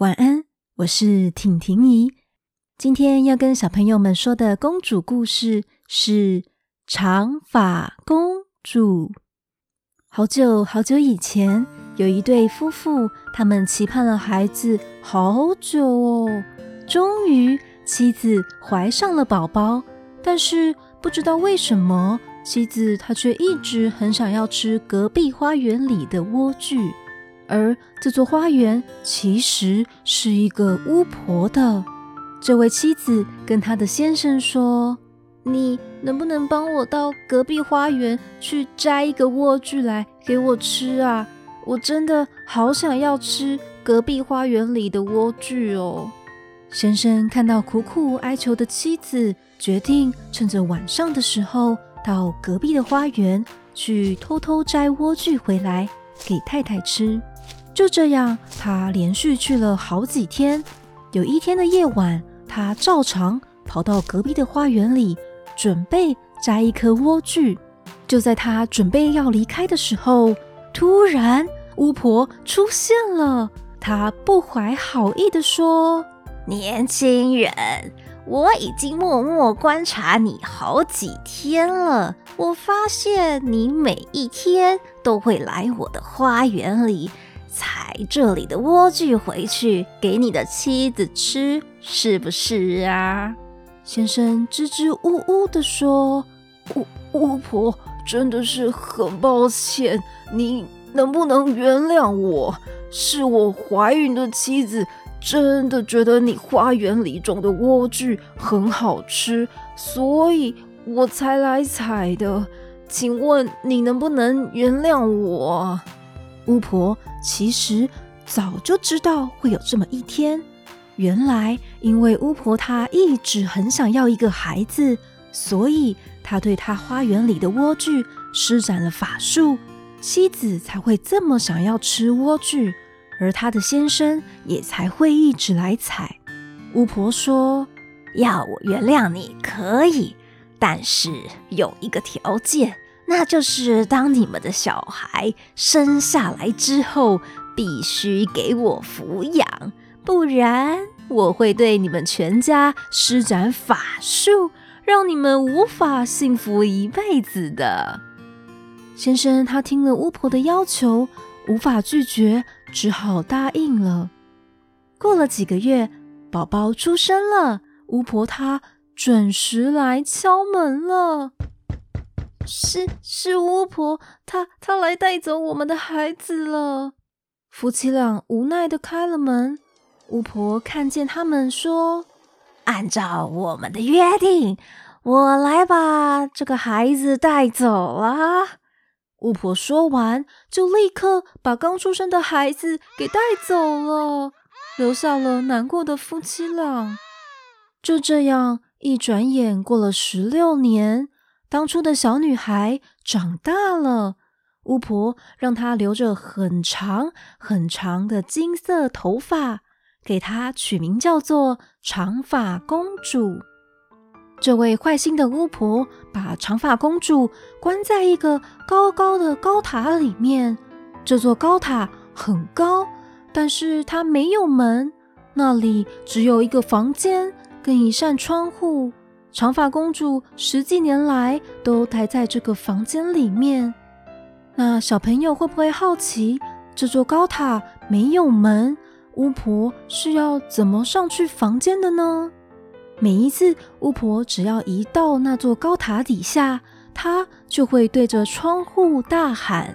晚安，我是婷婷姨。今天要跟小朋友們說的公主故事是《長髮公主》。好久好久以前，有一對夫婦，他們期盼了孩子好久哦。終於，妻子懷上了寶寶，但是不知道為什麼，妻子她卻一直很想要吃隔壁花園裡的萵苣。而這座花園其實是一個巫婆的。這位妻子跟她的先生說：“你能不能幫我到隔壁花園去摘一個萵苣來給我吃啊？我真的好想要吃隔壁花園裡的萵苣哦。”先生看到苦苦哀求的妻子，決定趁着晚上的時候到隔壁的花園去偷偷摘萵苣回來給太太吃。就這樣，他連續去了好幾天。有一天的夜晚，他照常跑到隔壁的花園裡，準備摘一顆萵苣。就在他準備要離開的時候，突然巫婆出現了。她不懷好意地說：“年輕人，我已經默默觀察你好幾天了，我發現你每一天都會來我的花園裡。”採這裡的萵苣回去給你的妻子吃，是不是啊？先生支支吾吾地說：“巫巫婆，真的是很抱歉，你能不能原諒我？是我懷孕的妻子真的覺得你花園裡種的萵苣很好吃，所以我才來採的。請問你能不能原諒我，巫婆？”其實早就知道會有這麼一天。原來，因為巫婆她一直很想要一個孩子，所以她對她花園裡的萵苣施展了法術，妻子才會這麼想要吃萵苣，而她的先生也才會一直來採。巫婆說：“要我原諒你可以，但是有一個條件。”那就是當你們的小孩生下來之後，必須給我撫養，不然我會對你們全家施展法術，讓你們無法幸福一輩子的。先生他聽了巫婆的要求，無法拒絕，只好答應了。過了幾個月，寶寶出生了，巫婆她準時來敲門了。是是巫婆，她她來帶走我們的孩子了。夫妻倆無奈地開了門。巫婆看見他們，說：“按照我們的約定，我來把這個孩子帶走啦。”巫婆說完，就立刻把剛出生的孩子給帶走了，留下了難過的夫妻倆。就這樣，一轉眼過了十六年。當初的小女孩長大了，巫婆讓她留着很長很長的金色頭髮，給她取名叫做長髮公主。這位壞心的巫婆把長髮公主關在一個高高的高塔裡面。這座高塔很高，但是它沒有門，那裡只有一個房間跟一扇窗戶。長髮公主十幾年來都待在這個房間裡面，那小朋友會不會好奇，這座高塔沒有門，巫婆是要怎麼上去房間的呢？每一次巫婆只要一到那座高塔底下，她就會對着窗戶大喊。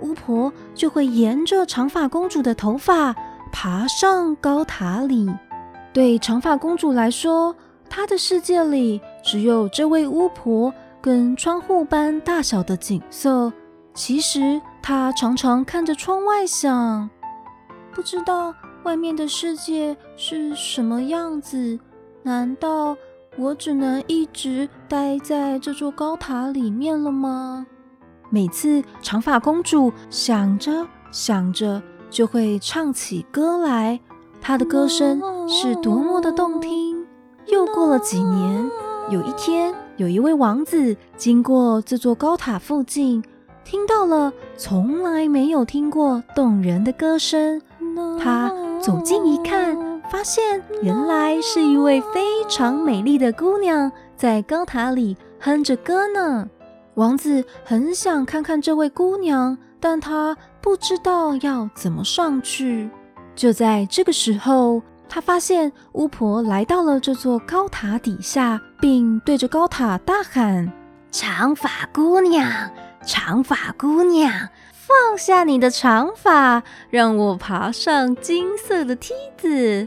巫婆就會沿着長髮公主的頭髮爬上高塔裡。對長髮公主來說，她的世界裡只有這位巫婆跟窗戶般大小的景色。其實，她常常看着窗外想，不知道外面的世界是什麼樣子？難道我只能一直待在這座高塔裡面了嗎？每次長髮公主想着想着，就會唱起歌來。她的歌聲是多麼的動聽！又過了幾年，有一天，有一位王子經過這座高塔附近，聽到了從來沒有聽過動人的歌聲。他走近一看，發現原來是一位非常美麗的姑娘在高塔裡哼着歌呢。王子很想看看這位姑娘，但他不知道要怎麼上去。就在這個時候，他發現巫婆來到了這座高塔底下，並對着高塔大喊：“長髮姑娘，長髮姑娘，放下你的長髮，讓我爬上金色的梯子。”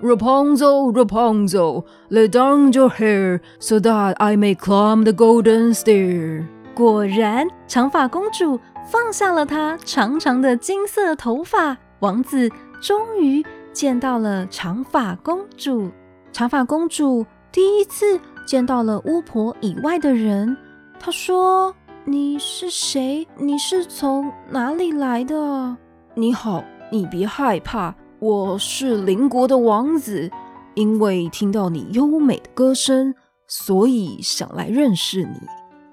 Rapunzel, Rapunzel, let down your hair so that I may climb the golden stair. 果然，長髮公主放下了她長長的金色頭髮，王子終於見到了長髮公主。長髮公主第一次見到了巫婆以外的人，她說：“你是誰？你是從哪裡來的？你好，你別害怕。”我是鄰國的王子，因為聽到你優美的歌聲，所以想來認識你。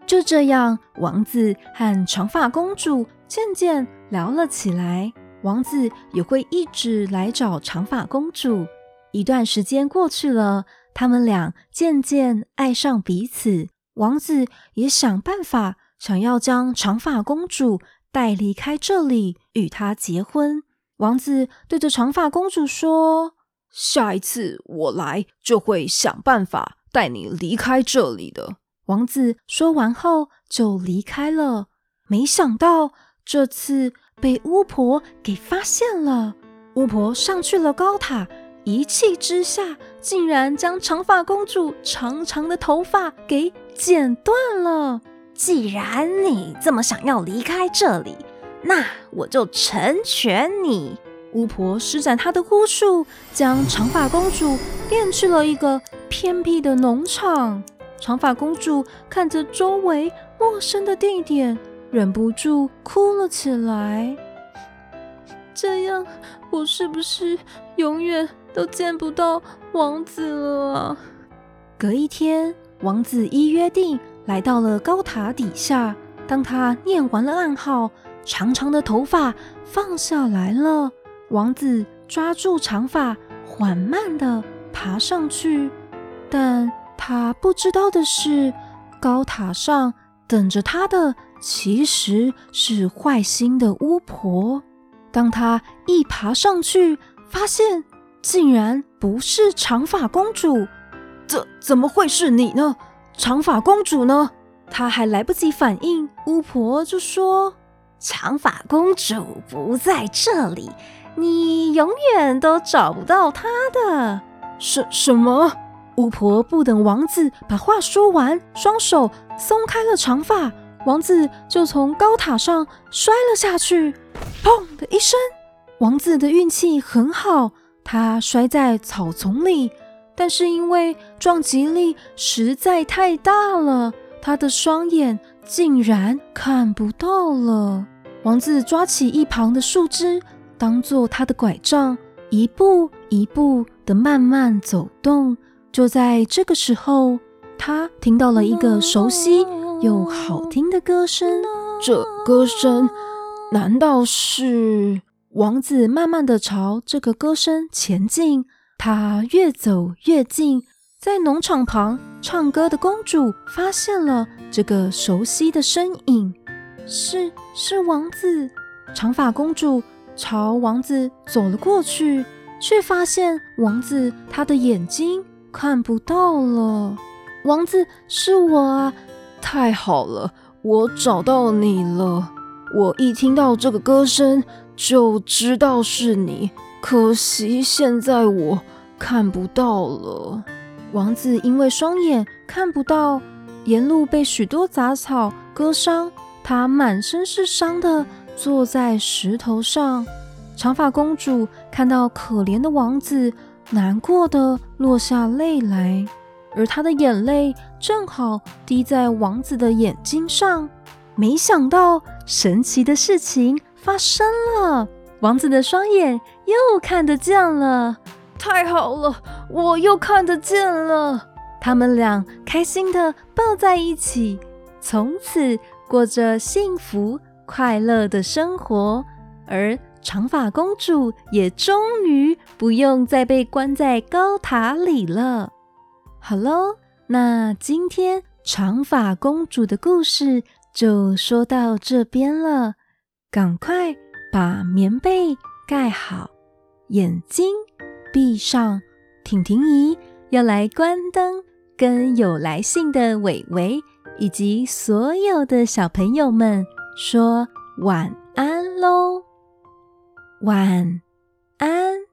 就這樣，王子和長髮公主漸漸聊了起來。王子也會一直來找長髮公主。一段時間過去了，他們倆漸漸愛上彼此。王子也想辦法想要將長髮公主帶離開這裡，與她結婚。王子對着長髮公主說：“下一次我來就會想辦法帶你離開這裡的。”王子說完後就離開了。沒想到這次被巫婆給發現了。巫婆上去了高塔，一氣之下竟然將長髮公主長長的頭髮給剪斷了。既然你這麼想要離開這裡，那我就成全你。巫婆施展她的巫術，將長髮公主變去了一個偏僻的農場。長髮公主看着周圍陌生的地點，忍不住哭了起來。這樣，我是不是永遠都見不到王子了啊？隔一天，王子依約定來到了高塔底下。當他念完了暗號。長長的頭髮放下來了，王子抓住長髮，緩慢地爬上去。但他不知道的是，高塔上等着他的其實是壞心的巫婆。當他一爬上去，發現竟然不是長髮公主，這怎麼會是你呢？長髮公主呢？他還來不及反應，巫婆就說。長髮公主不在這裡，你永遠都找不到她的。什什麼？巫婆不等王子把話說完，雙手鬆開了長髮，王子就從高塔上摔了下去，砰的一聲。王子的運氣很好，他摔在草叢裡，但是因為撞擊力實在太大了，他的雙眼。竟然看不到了。王子抓起一旁的樹枝當做他的拐杖，一步一步地慢慢走動。就在這個時候，他聽到了一個熟悉又好聽的歌聲。嗯嗯嗯嗯嗯、這歌聲難道是……王子慢慢地朝這個歌聲前進，他越走越近。在農場旁唱歌的公主發現了這個熟悉的身影，是，是王子。長髮公主朝王子走了過去，卻發現王子他的眼睛看不到了。王子，是我啊，太好了，我找到你了。我一聽到這個歌聲就知道是你，可惜現在我看不到了。王子因為雙眼看不到，沿路被許多雜草割傷，他滿身是傷的坐在石頭上。長髮公主看到可憐的王子，難過的落下淚來，而她的眼淚正好滴在王子的眼睛上，沒想到神奇的事情發生了，王子的雙眼又看得見了。太好了，我又看得見了。他們倆開心的抱在一起，從此過着幸福快樂的生活。而長髮公主也終於不用再被關在高塔裡了。好嘍，那今天長髮公主的故事就說到這邊了。趕快把棉被蓋好，眼睛。閉上，婷婷姨要來關燈，跟有來信的瑋瑋以及所有的小朋友們說晚安嘍，晚安。